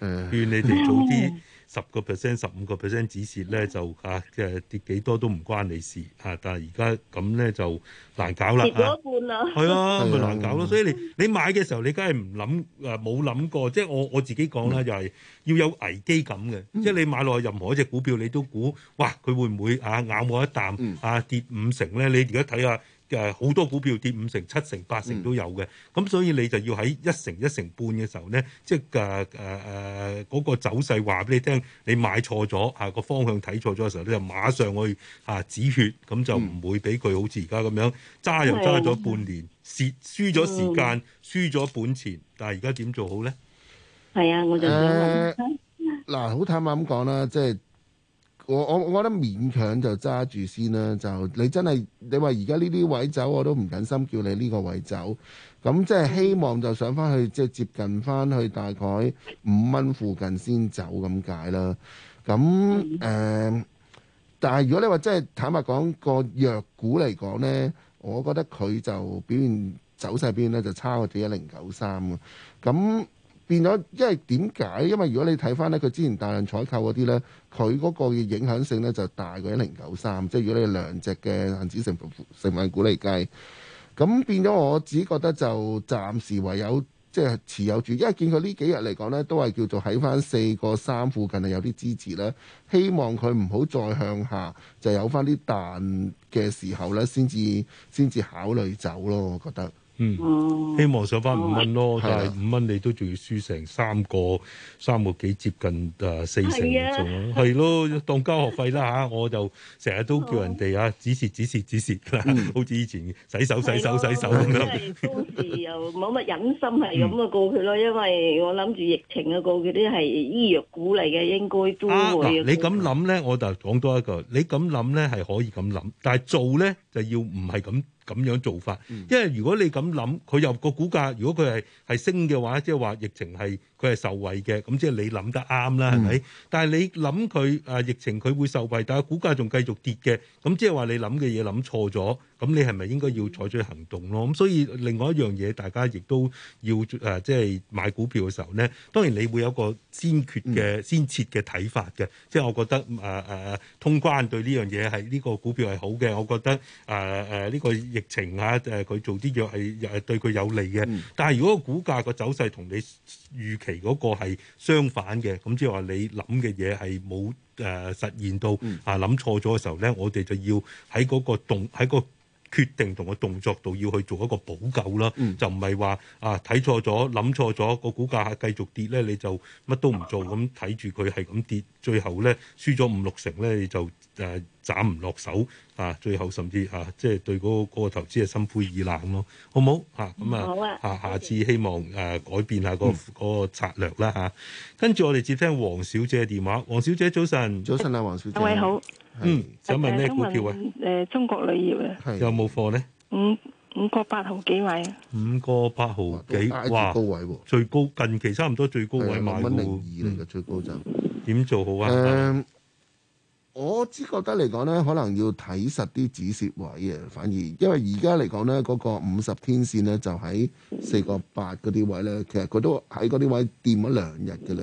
嗯，勸你哋早啲。十個 percent、十五個 percent 止蝕咧，就啊即係跌幾多都唔關你事啊！但係而家咁咧就難搞啦，跌咗一半啦，係啊，咁咪、啊、難搞咯！ 所以你你買嘅時候你，你梗係唔諗啊，冇諗過，即係我我自己講啦，嗯、就係要有危機感嘅，嗯、即係你買落去任何一隻股票，你都估哇佢會唔會啊咬我一啖、嗯、啊跌五成咧？你而家睇下。誒好多股票跌五成七成八成都有嘅，咁、嗯、所以你就要喺一成一成半嘅時候咧，即係誒誒誒嗰個走勢話俾你聽，你買錯咗啊個方向睇錯咗嘅時候，你就馬上去啊止血，咁就唔會俾佢好似而家咁樣揸又揸咗半年，蝕輸咗時間、輸咗本錢，但係而家點做好咧？係啊，我就誒嗱，好、呃、坦白咁講啦，即係。我我覺得勉強就揸住先啦，就你真係你話而家呢啲位走，我都唔忍心叫你呢個位走，咁即係希望就上翻去，即係接近翻去大概五蚊附近先走咁解啦。咁誒，但係如果你話即係坦白講個藥股嚟講呢，我覺得佢就表現走勢表現呢，就差過啲一零九三嘅，咁。變咗，因為點解？因為如果你睇翻咧，佢之前大量採購嗰啲咧，佢嗰個影響性咧就大過一零九三，即係如果你兩隻嘅恆指成分成分股嚟計，咁變咗我自己覺得就暫時唯有即係持有住，因為見佢呢幾日嚟講咧都係叫做喺翻四個三附近係有啲支持啦，希望佢唔好再向下，就有翻啲彈嘅時候咧，先至先至考慮走咯，我覺得。嗯，嗯希望上翻五蚊咯，啊、但係五蚊你都仲要輸成三個、三個幾接近誒四成咁樣，係、啊、咯，當交學費啦吓，我就成日都叫人哋啊止蝕、止蝕、止蝕，好似以前洗手、洗手、洗手咁樣。時又冇乜忍心係咁啊過佢咯，因為我諗住疫情啊，過佢啲係醫藥股嚟嘅，應該都會。你咁諗咧，我就講多一個，你咁諗咧係可以咁諗，但係做咧就要唔係咁。嗯咁樣做法，因為如果你咁諗，佢有個股價，如果佢係係升嘅話，即係話疫情係。佢係受惠嘅，咁即係你諗得啱啦，係咪？嗯、但係你諗佢誒疫情佢會受惠，但係股價仲繼續跌嘅，咁即係話你諗嘅嘢諗錯咗，咁你係咪應該要採取行動咯？咁所以另外一樣嘢，大家亦都要誒、啊、即係買股票嘅時候咧，當然你會有個先決嘅、嗯、先設嘅睇法嘅，即係我覺得誒誒誒通關對呢樣嘢係呢個股票係好嘅，我覺得誒誒呢個疫情吓誒佢做啲藥係誒、啊、對佢有利嘅，嗯、但係如果個股價個走勢同你預期，如果嗰個係相反嘅，咁即係話你諗嘅嘢係冇誒實現到啊諗錯咗嘅時候咧，我哋就要喺嗰個動喺、個。決定同個動作度要去做一個補救啦，就唔係話啊睇錯咗、諗錯咗個股價繼續跌咧，你就乜都唔做咁睇住佢係咁跌，最後咧輸咗五六成咧，你就誒斬唔落手啊，最後甚至啊即係對嗰個嗰個投資係心灰意冷咯，好唔好啊？咁啊啊，下次希望誒改變下個嗰個策略啦嚇。跟住我哋接聽黃小姐嘅電話，黃小姐早晨，早晨啊，黃小姐。各位好。是嗯，想問咩股票啊？誒、呃，中國鋁業啊，是有冇貨咧？五五個八毫幾買啊？五個八毫幾、啊？五個八毫哇，高位喎，最高近期差唔多最高位的買喎。五蚊零二嚟嘅最高就點、嗯、做好啊？誒、嗯，我只覺得嚟講咧，可能要睇實啲止蝕位啊，反而因為而家嚟講咧，嗰、那個五十天線咧就喺四個八嗰啲位咧，其實佢都喺嗰啲位掂咗兩日噶啦。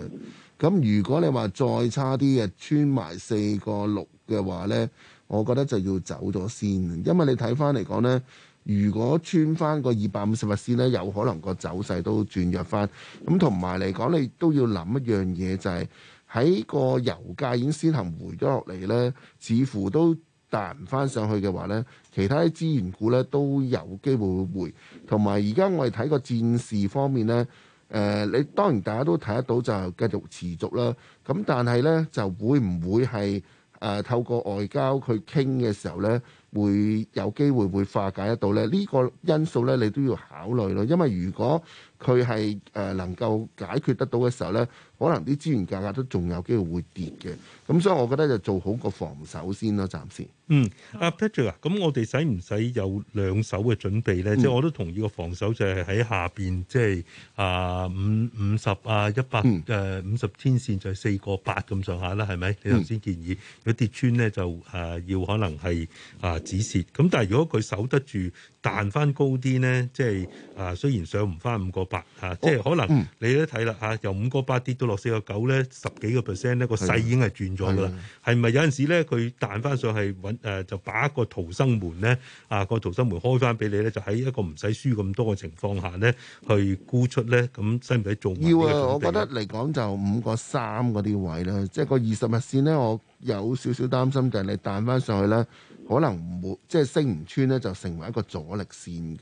咁如果你話再差啲嘅穿埋四個六，嘅話咧，我覺得就要走咗先，因為你睇翻嚟講咧，如果穿翻個二百五十日線咧，有可能個走勢都轉弱翻。咁同埋嚟講，你都要諗一樣嘢、就是，就係喺個油價已經先行回咗落嚟咧，似乎都彈唔翻上去嘅話咧，其他啲資源股咧都有機會回。同埋而家我哋睇個戰事方面咧，誒、呃，你當然大家都睇得到，就繼續持續啦。咁但係咧，就會唔會係。誒透過外交去傾嘅時候呢，會有機會會化解得到呢。呢個因素呢，你都要考慮咯。因為如果佢係誒能夠解決得到嘅時候呢。可能啲資源價格都仲有機會會跌嘅，咁、嗯、所以我覺得就做好個防守先咯，暫時。嗯，阿 Patrick 啊，咁我哋使唔使有兩手嘅準備咧？即係、嗯、我都同意個防守就係喺下邊，即、就、係、是、啊五五十啊一百誒五十天線就係四個八咁上下啦，係咪？你頭先建議，佢、嗯、跌穿咧就誒、啊、要可能係啊止蝕。咁但係如果佢守得住，彈翻高啲咧，即、就、係、是、啊雖然上唔翻五個八啊，即係可能你都睇啦嚇，由五個八跌到，嗯六四個九咧，十幾個 percent 咧，個勢已經係轉咗㗎喇。係咪有陣時咧，佢彈翻上去，揾、呃、誒，就把一個逃生門咧啊，個逃生門開翻俾你咧，就喺一個唔使輸咁多嘅情況下咧，去沽出咧，咁使唔使做？要啊，我覺得嚟講就五、就是、個三嗰啲位咧，即係個二十日線咧，我有少少擔心就係你彈翻上去咧，可能冇即係升唔穿咧，就成為一個阻力線咁。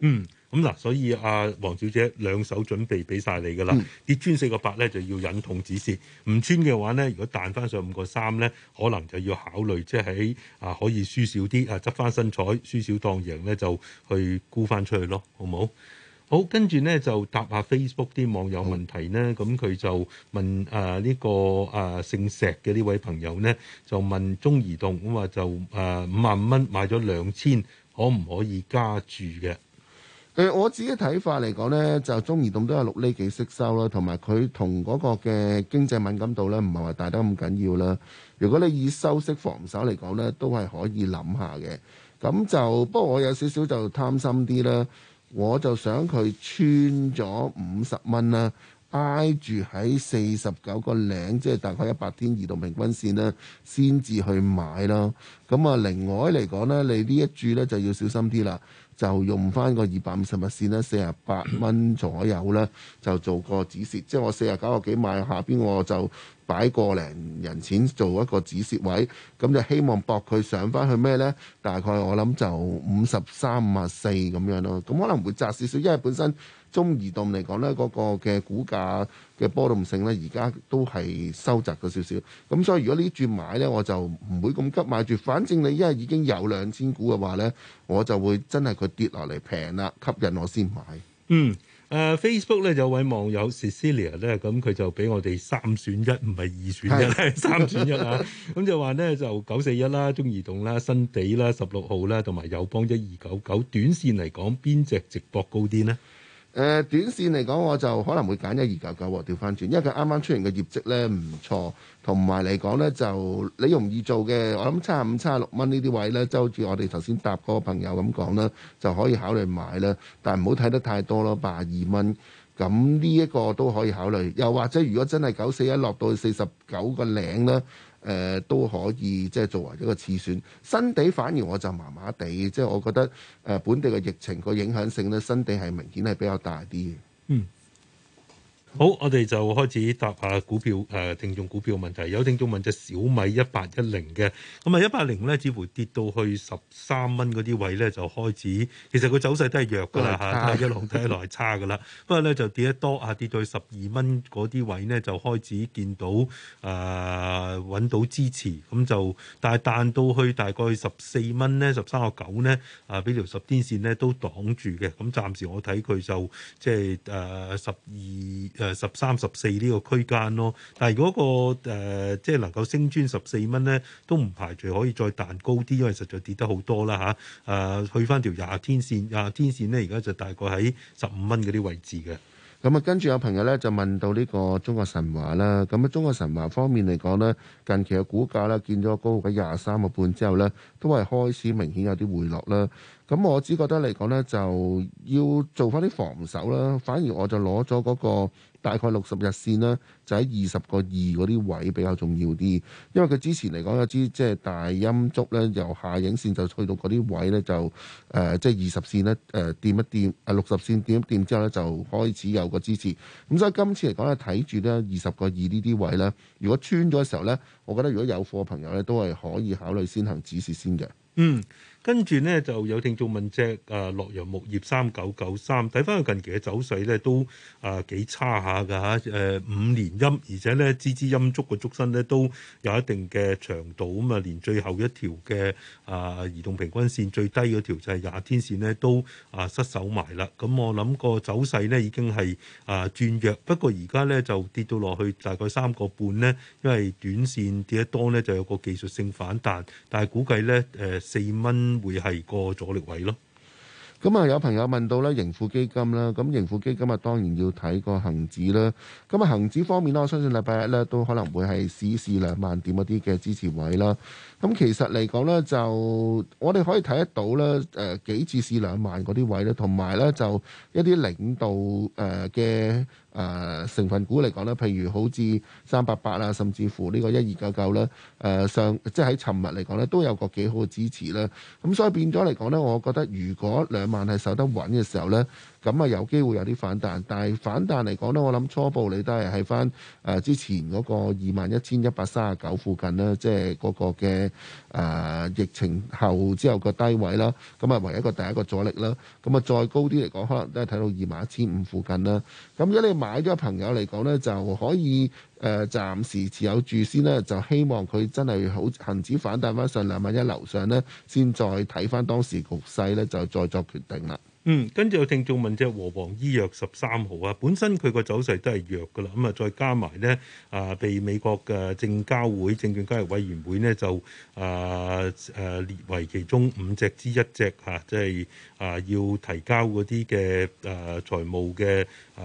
嗯。咁嗱、嗯，所以阿、啊、王小姐兩手準備俾晒你㗎啦。跌穿、嗯、四個八咧，就要忍痛止蝕；唔穿嘅話咧，如果彈翻上五個三咧，可能就要考慮即係喺啊可以輸少啲啊執翻身彩，輸少當贏咧，就去沽翻出去咯。好唔好？好，跟住咧就答下 Facebook 啲網友問題咧。咁佢好就問啊呢、這個啊姓石嘅呢位朋友咧，就問中移動咁話就誒五萬蚊買咗兩千，可唔可以加注嘅？我自己睇法嚟講呢就中移動都有六釐幾息收啦，同埋佢同嗰個嘅經濟敏感度呢，唔係話大得咁緊要啦。如果你以收息防守嚟講呢都係可以諗下嘅。咁就不過我有少少就貪心啲啦，我就想佢穿咗五十蚊啦，挨住喺四十九個零，即係大概一百天移動平均線呢，先至去買啦。咁啊，另外嚟講呢你呢一注呢，就要小心啲啦。就用翻個二百五十物線咧，四十八蚊左右咧，就做個止蝕，即係我四十九個幾買下邊，我就擺過個零人錢做一個止蝕位，咁就希望搏佢上翻去咩咧？大概我諗就五十三啊四咁樣咯，咁可能會窄少少，因為本身。中移動嚟講咧，嗰、嗰個嘅股價嘅波動性咧，而家都係收窄咗少少。咁所以如果呢啲轉買咧，我就唔會咁急買住。反正你一為已經有兩千股嘅話咧，我就會真係佢跌落嚟平啦，吸引我先買。嗯，誒、呃、Facebook 咧有位網友 Cecilia 咧，咁佢就俾我哋三選一，唔係二選一啦，是的 三選一啦、啊。咁就話咧就九四一啦，中移動啦，新地啦，十六號啦，同埋友邦一二九九。短線嚟講，邊隻直播高啲呢？誒短線嚟講，我就可能會揀一二九九調翻轉，因為佢啱啱出現嘅業績咧唔錯，同埋嚟講咧就你容易做嘅，我諗七十五、七十六蚊呢啲位咧，就好似我哋頭先答嗰個朋友咁講啦，就可以考慮買啦。但係唔好睇得太多咯，八二蚊咁呢一個都可以考慮。又或者如果真係九四一落到去四十九個零咧。誒、呃、都可以即係作為一個次選，新地反而我就麻麻地，即係我覺得誒、呃、本地嘅疫情個影響性咧，新地係明顯係比較大啲。嗯。好，我哋就開始答下股票誒、呃，聽眾股票嘅問題。有聽眾問隻小米一八一零嘅，咁啊一八零咧，似乎跌到去十三蚊嗰啲位咧就開始，其實個走勢都係弱㗎啦嚇，啊、一路睇落係差㗎啦。 不過咧就跌得多啊，跌到去十二蚊嗰啲位咧就開始見到誒揾、呃、到支持，咁、嗯、就但係彈到去大概十四蚊咧，十三個九咧，啊俾條十天線咧都擋住嘅。咁、嗯、暫時我睇佢就即係誒十二。呃呃誒、呃、十三十四呢個區間咯，但係嗰個、呃、即係能夠升穿十四蚊呢，都唔排除可以再彈高啲，因為實在跌得好多啦吓，誒、啊、去翻條廿天線，廿天線呢而家就大概喺十五蚊嗰啲位置嘅。咁啊、嗯，跟住有朋友呢就問到呢個中國神華啦，咁、嗯、啊中國神華方面嚟講呢，近期嘅股價呢，見咗高位廿三個半之後呢，都係開始明顯有啲回落啦。咁、嗯、我只覺得嚟講呢，就要做翻啲防守啦。反而我就攞咗嗰個。大概六十日線呢，就喺二十個二嗰啲位比較重要啲，因為佢之前嚟講有支即係大陰燭呢，由下影線就去到嗰啲位呢，就誒，即係二十線呢誒，掂、呃、一掂誒六十線掂一掂之後呢，就開始有個支持。咁所以今次嚟講呢，睇住呢二十個二呢啲位呢，如果穿咗嘅時候呢，我覺得如果有貨嘅朋友呢，都係可以考慮先行止蝕先嘅。嗯。跟住咧，就有聽眾問隻啊，洛陽木業三九九三，睇返佢近期嘅走勢咧，都啊幾差下㗎嚇。誒、啊、五連陰，而且咧支支陰竹嘅竹身咧都有一定嘅長度，咁啊，連最後一條嘅啊移動平均線最低嗰條就係廿天線咧，都啊失守埋啦。咁、啊、我諗個走勢咧已經係啊轉弱，不過而家咧就跌到落去大概三個半咧，因為短線跌得多咧就有個技術性反彈，但係估計咧誒四蚊。呃會係個阻力位咯，咁啊有朋友問到咧盈富基金啦，咁盈富基金啊當然要睇個恒指啦，咁啊恒指方面啦，我相信禮拜一咧都可能會係試試兩萬點嗰啲嘅支持位啦，咁、那個、其實嚟講咧就我哋可以睇得到咧誒幾次試兩萬嗰啲位咧，同埋咧就一啲領導誒嘅。誒、呃、成分股嚟講咧，譬如好似三八八啊，甚至乎呢個一二九九啦，誒上即係喺尋日嚟講咧，都有個幾好嘅支持啦。咁、啊、所以變咗嚟講咧，我覺得如果兩萬係守得穩嘅時候咧。咁啊，有機會有啲反彈，但係反彈嚟講呢，我諗初步你都係喺翻誒之前嗰個二萬一千一百三十九附近啦，即係嗰個嘅誒、呃、疫情後之後個低位啦。咁啊，唯一個第一個阻力啦。咁啊，再高啲嚟講，可能都係睇到二萬一千五附近啦。咁如果你買咗朋友嚟講呢，就可以誒、呃、暫時持有住先咧，就希望佢真係好恒指反彈翻上兩萬一樓上呢，先再睇翻當時局勢呢，就再作決定啦。嗯，跟住有聽眾問，即係和黃醫藥十三號啊，本身佢個走勢都係弱噶啦，咁、嗯、啊再加埋咧啊，被美國嘅證交會證券交易委員會咧就啊啊列為其中五隻之一隻嚇，即係啊，就是、啊要提交嗰啲嘅啊財務嘅啊誒、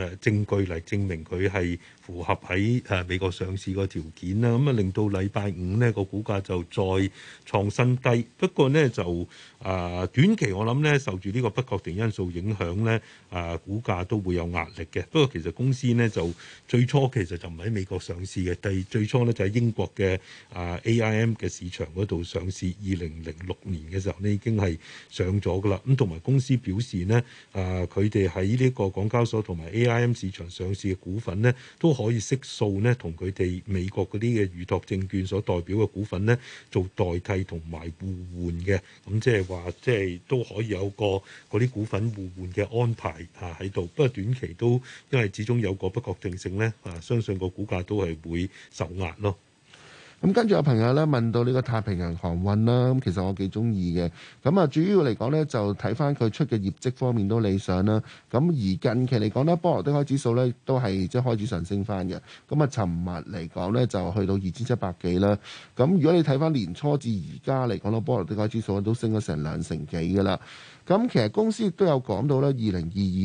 啊、證據嚟證明佢係。符合喺誒美國上市個條件啦，咁啊令到禮拜五咧個股價就再創新低。不過咧就誒、呃、短期我諗咧受住呢個不確定因素影響咧，誒、啊、股價都會有壓力嘅。不過其實公司咧就最初其實就唔喺美國上市嘅，第二最初咧就喺英國嘅誒、啊、AIM 嘅市場嗰度上市。二零零六年嘅時候咧已經係上咗噶啦。咁同埋公司表示咧，誒佢哋喺呢個港交所同埋 AIM 市場上市嘅股份咧都。可以悉數咧，同佢哋美國嗰啲嘅預託證券所代表嘅股份咧，做代替同埋互換嘅，咁即係話即係都可以有個嗰啲股份互換嘅安排啊喺度。Đó, 不過短期都因為始終有個不確定性咧，啊，相信個股價都係會受壓咯。咁跟住有朋友咧問到呢個太平洋航運啦，咁其實我幾中意嘅。咁啊，主要嚟講呢，就睇翻佢出嘅業績方面都理想啦。咁而近期嚟講咧，波羅的海指數呢都係即係開始上升翻嘅。咁啊，尋日嚟講呢，就去到二千七百幾啦。咁如果你睇翻年初至而家嚟講，咧波羅的海指數都升咗成兩成幾㗎啦。咁其實公司亦都有講到呢，二零二二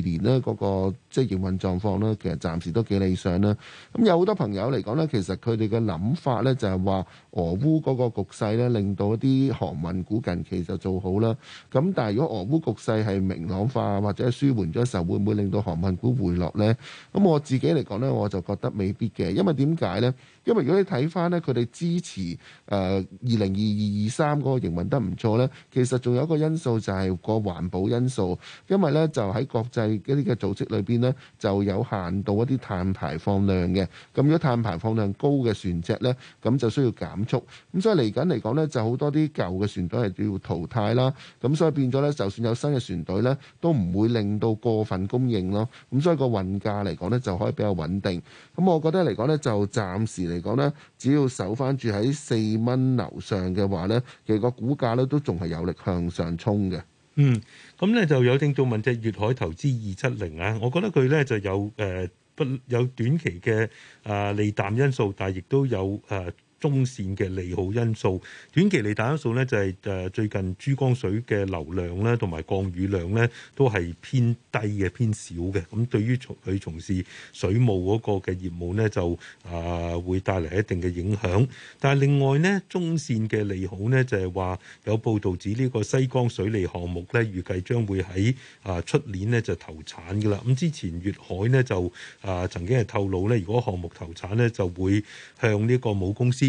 年呢嗰個即係營運狀況呢，其實暫時都幾理想啦。咁有好多朋友嚟講呢，其實佢哋嘅諗法呢就係、～話俄烏嗰個局勢咧，令到啲航運股近期就做好啦。咁但係如果俄烏局勢係明朗化或者舒緩咗時候，會唔會令到航運股回落呢？咁我自己嚟講咧，我就覺得未必嘅，因為點解呢？因為如果你睇翻咧，佢哋支持誒二零二二二三嗰個營運得唔錯咧，其實仲有一個因素就係個環保因素。因為咧就喺國際嗰啲嘅組織裏邊咧，就有限度一啲碳排放量嘅。咁如果碳排放量高嘅船隻咧，咁就需要減速。咁所以嚟緊嚟講咧，就好多啲舊嘅船隊係要淘汰啦。咁所以變咗咧，就算有新嘅船隊咧，都唔會令到過分供應咯。咁所以個運價嚟講咧，就可以比較穩定。咁我覺得嚟講咧，就暫時嚟講咧，只要守翻住喺四蚊樓上嘅話咧，其實個股價咧都仲係有力向上衝嘅。嗯，咁咧就有聽眾問隻粵海投資二七零啊，我覺得佢咧就有誒不、呃、有短期嘅啊、呃、利淡因素，但係亦都有誒。呃中線嘅利好因素，短期嚟大多數咧就係、是、誒最近珠江水嘅流量咧同埋降雨量咧都係偏低嘅、偏少嘅。咁對於從佢從事水務嗰個嘅業務咧，就誒、啊、會帶嚟一定嘅影響。但係另外咧，中線嘅利好咧就係話有報道指呢個西江水利項目咧，預計將會喺啊出年咧就投產㗎啦。咁之前粵海咧就啊曾經係透露咧，如果項目投產咧就會向呢個母公司。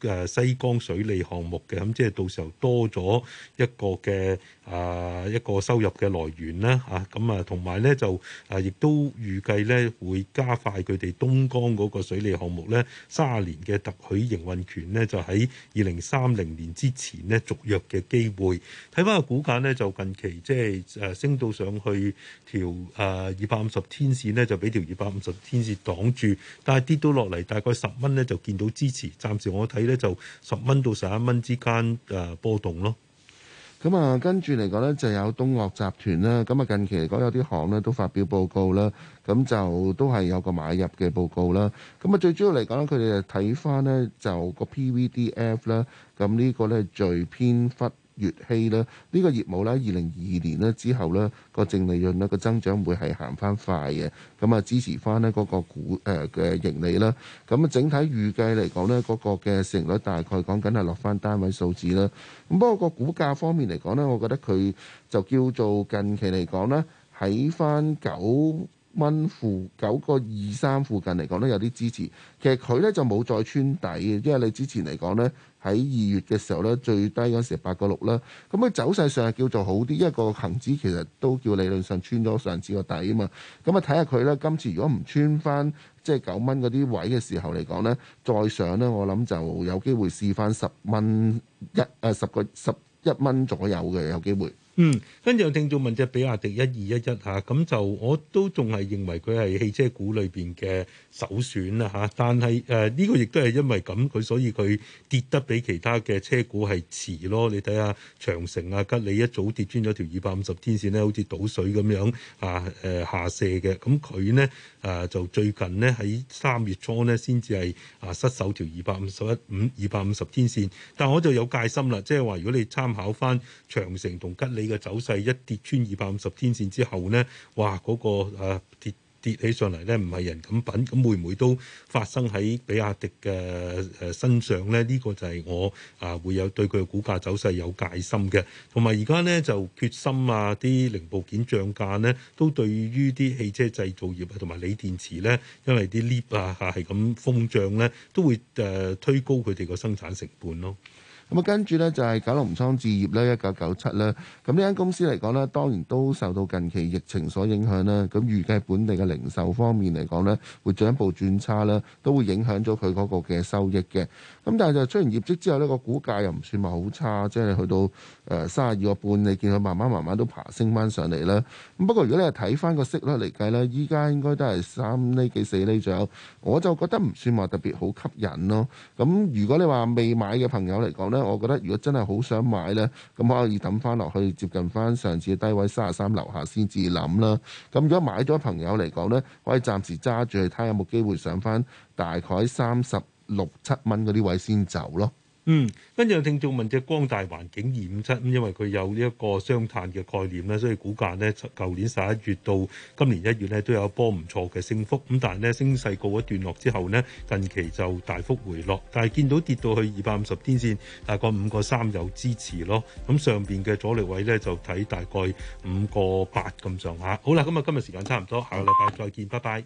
誒西江水利項目嘅，咁即係到時候多咗一個嘅啊一個收入嘅來源啦，吓咁啊，同埋咧就啊，亦都預計咧會加快佢哋東江嗰個水利項目咧卅年嘅特許營運權咧，就喺二零三零年之前咧續約嘅機會。睇翻個股價咧，就近期即係誒升到上去條誒二百五十天線咧，就俾條二百五十天線擋住，但係跌到落嚟大概十蚊咧就見到支持。暫時我睇。咧就十蚊到十一蚊之間誒波動咯，咁啊跟住嚟講咧就有東岳集團啦，咁啊近期嚟講有啲行咧都發表報告啦，咁就都係有個買入嘅報告啦，咁啊最主要嚟講咧佢哋就睇返咧就個 PVDF 啦，咁呢個咧最偏忽。月氣咧，呢、這個業務咧，二零二二年咧之後咧，個淨利潤咧個增長會係行翻快嘅，咁啊支持翻咧嗰個股誒嘅、呃、盈利啦。咁啊整體預計嚟講咧，嗰、那個嘅市盈率大概講緊係落翻單位數字啦。咁不過個股價方面嚟講咧，我覺得佢就叫做近期嚟講咧，喺翻九蚊附九個二三附近嚟講都有啲支持。其實佢咧就冇再穿底嘅，因為你之前嚟講咧。喺二月嘅時候呢，最低嗰時八個六啦，咁佢走勢上係叫做好啲，因為一個恆指其實都叫理論上穿咗上次個底啊嘛，咁啊睇下佢呢，今次如果唔穿翻即係九蚊嗰啲位嘅時候嚟講呢，再上呢，我諗就有機會試翻十蚊一誒十個十一蚊左右嘅有機會。嗯，跟住有聽眾問隻比亞迪一二一一嚇，咁、啊、就我都仲係認為佢係汽車股裏邊嘅首選啦嚇、啊。但係誒呢個亦都係因為咁佢，所以佢跌得比其他嘅車股係遲咯。你睇下、啊、長城啊、吉利一早跌穿咗條二百五十天線咧，好似倒水咁樣啊誒、啊、下瀉嘅。咁、啊、佢呢，誒、啊、就最近呢喺三月初呢先至係啊失守條二百五十一五二百五十天線，但我就有戒心啦，即係話如果你參考翻長城同吉利。嘅走勢一跌穿二百五十天線之後呢，哇！嗰、那個跌跌起上嚟呢，唔係人咁品，咁會唔會都發生喺比亞迪嘅誒身上呢？呢、這個就係我啊會有對佢嘅股價走勢有戒心嘅。同埋而家呢，就決心啊，啲零部件漲價呢，都對於啲汽車製造業啊同埋鋰電池呢，因為啲 lead 啊嚇係咁瘋漲呢，都會誒、啊、推高佢哋個生產成本咯。咁啊，跟住咧就係九龍倉置業咧，一九九七咧，咁呢間公司嚟講咧，當然都受到近期疫情所影響啦。咁預計本地嘅零售方面嚟講咧，會進一步轉差啦，都會影響咗佢嗰個嘅收益嘅。咁但係就出完業績之後呢，個股價又唔算話好差，即係去到，誒卅二個半，你見佢慢慢慢慢都爬升翻上嚟啦。咁不過如果你係睇翻個息率嚟計呢，依家應該都係三釐幾四釐左右。我就覺得唔算話特別好吸引咯。咁如果你話未買嘅朋友嚟講呢，我覺得如果真係好想買呢，咁可以等翻落去接近翻上次低位三十三樓下先至諗啦。咁如果買咗朋友嚟講呢，可以暫時揸住，睇下有冇機會上翻大概三十六七蚊嗰啲位先走咯。嗯，跟住有聽眾問隻光大環境二五七，咁因為佢有呢一個雙碳嘅概念咧，所以股價呢，舊年十一月到今年一月咧都有一波唔錯嘅升幅，咁、嗯、但係呢，升勢告一段落之後呢，近期就大幅回落，但係見到跌到去二百五十天線，大概五個三有支持咯，咁、嗯、上邊嘅阻力位呢，就睇大概五個八咁上下。好啦，咁啊今日時間差唔多，下個禮拜再見，拜拜。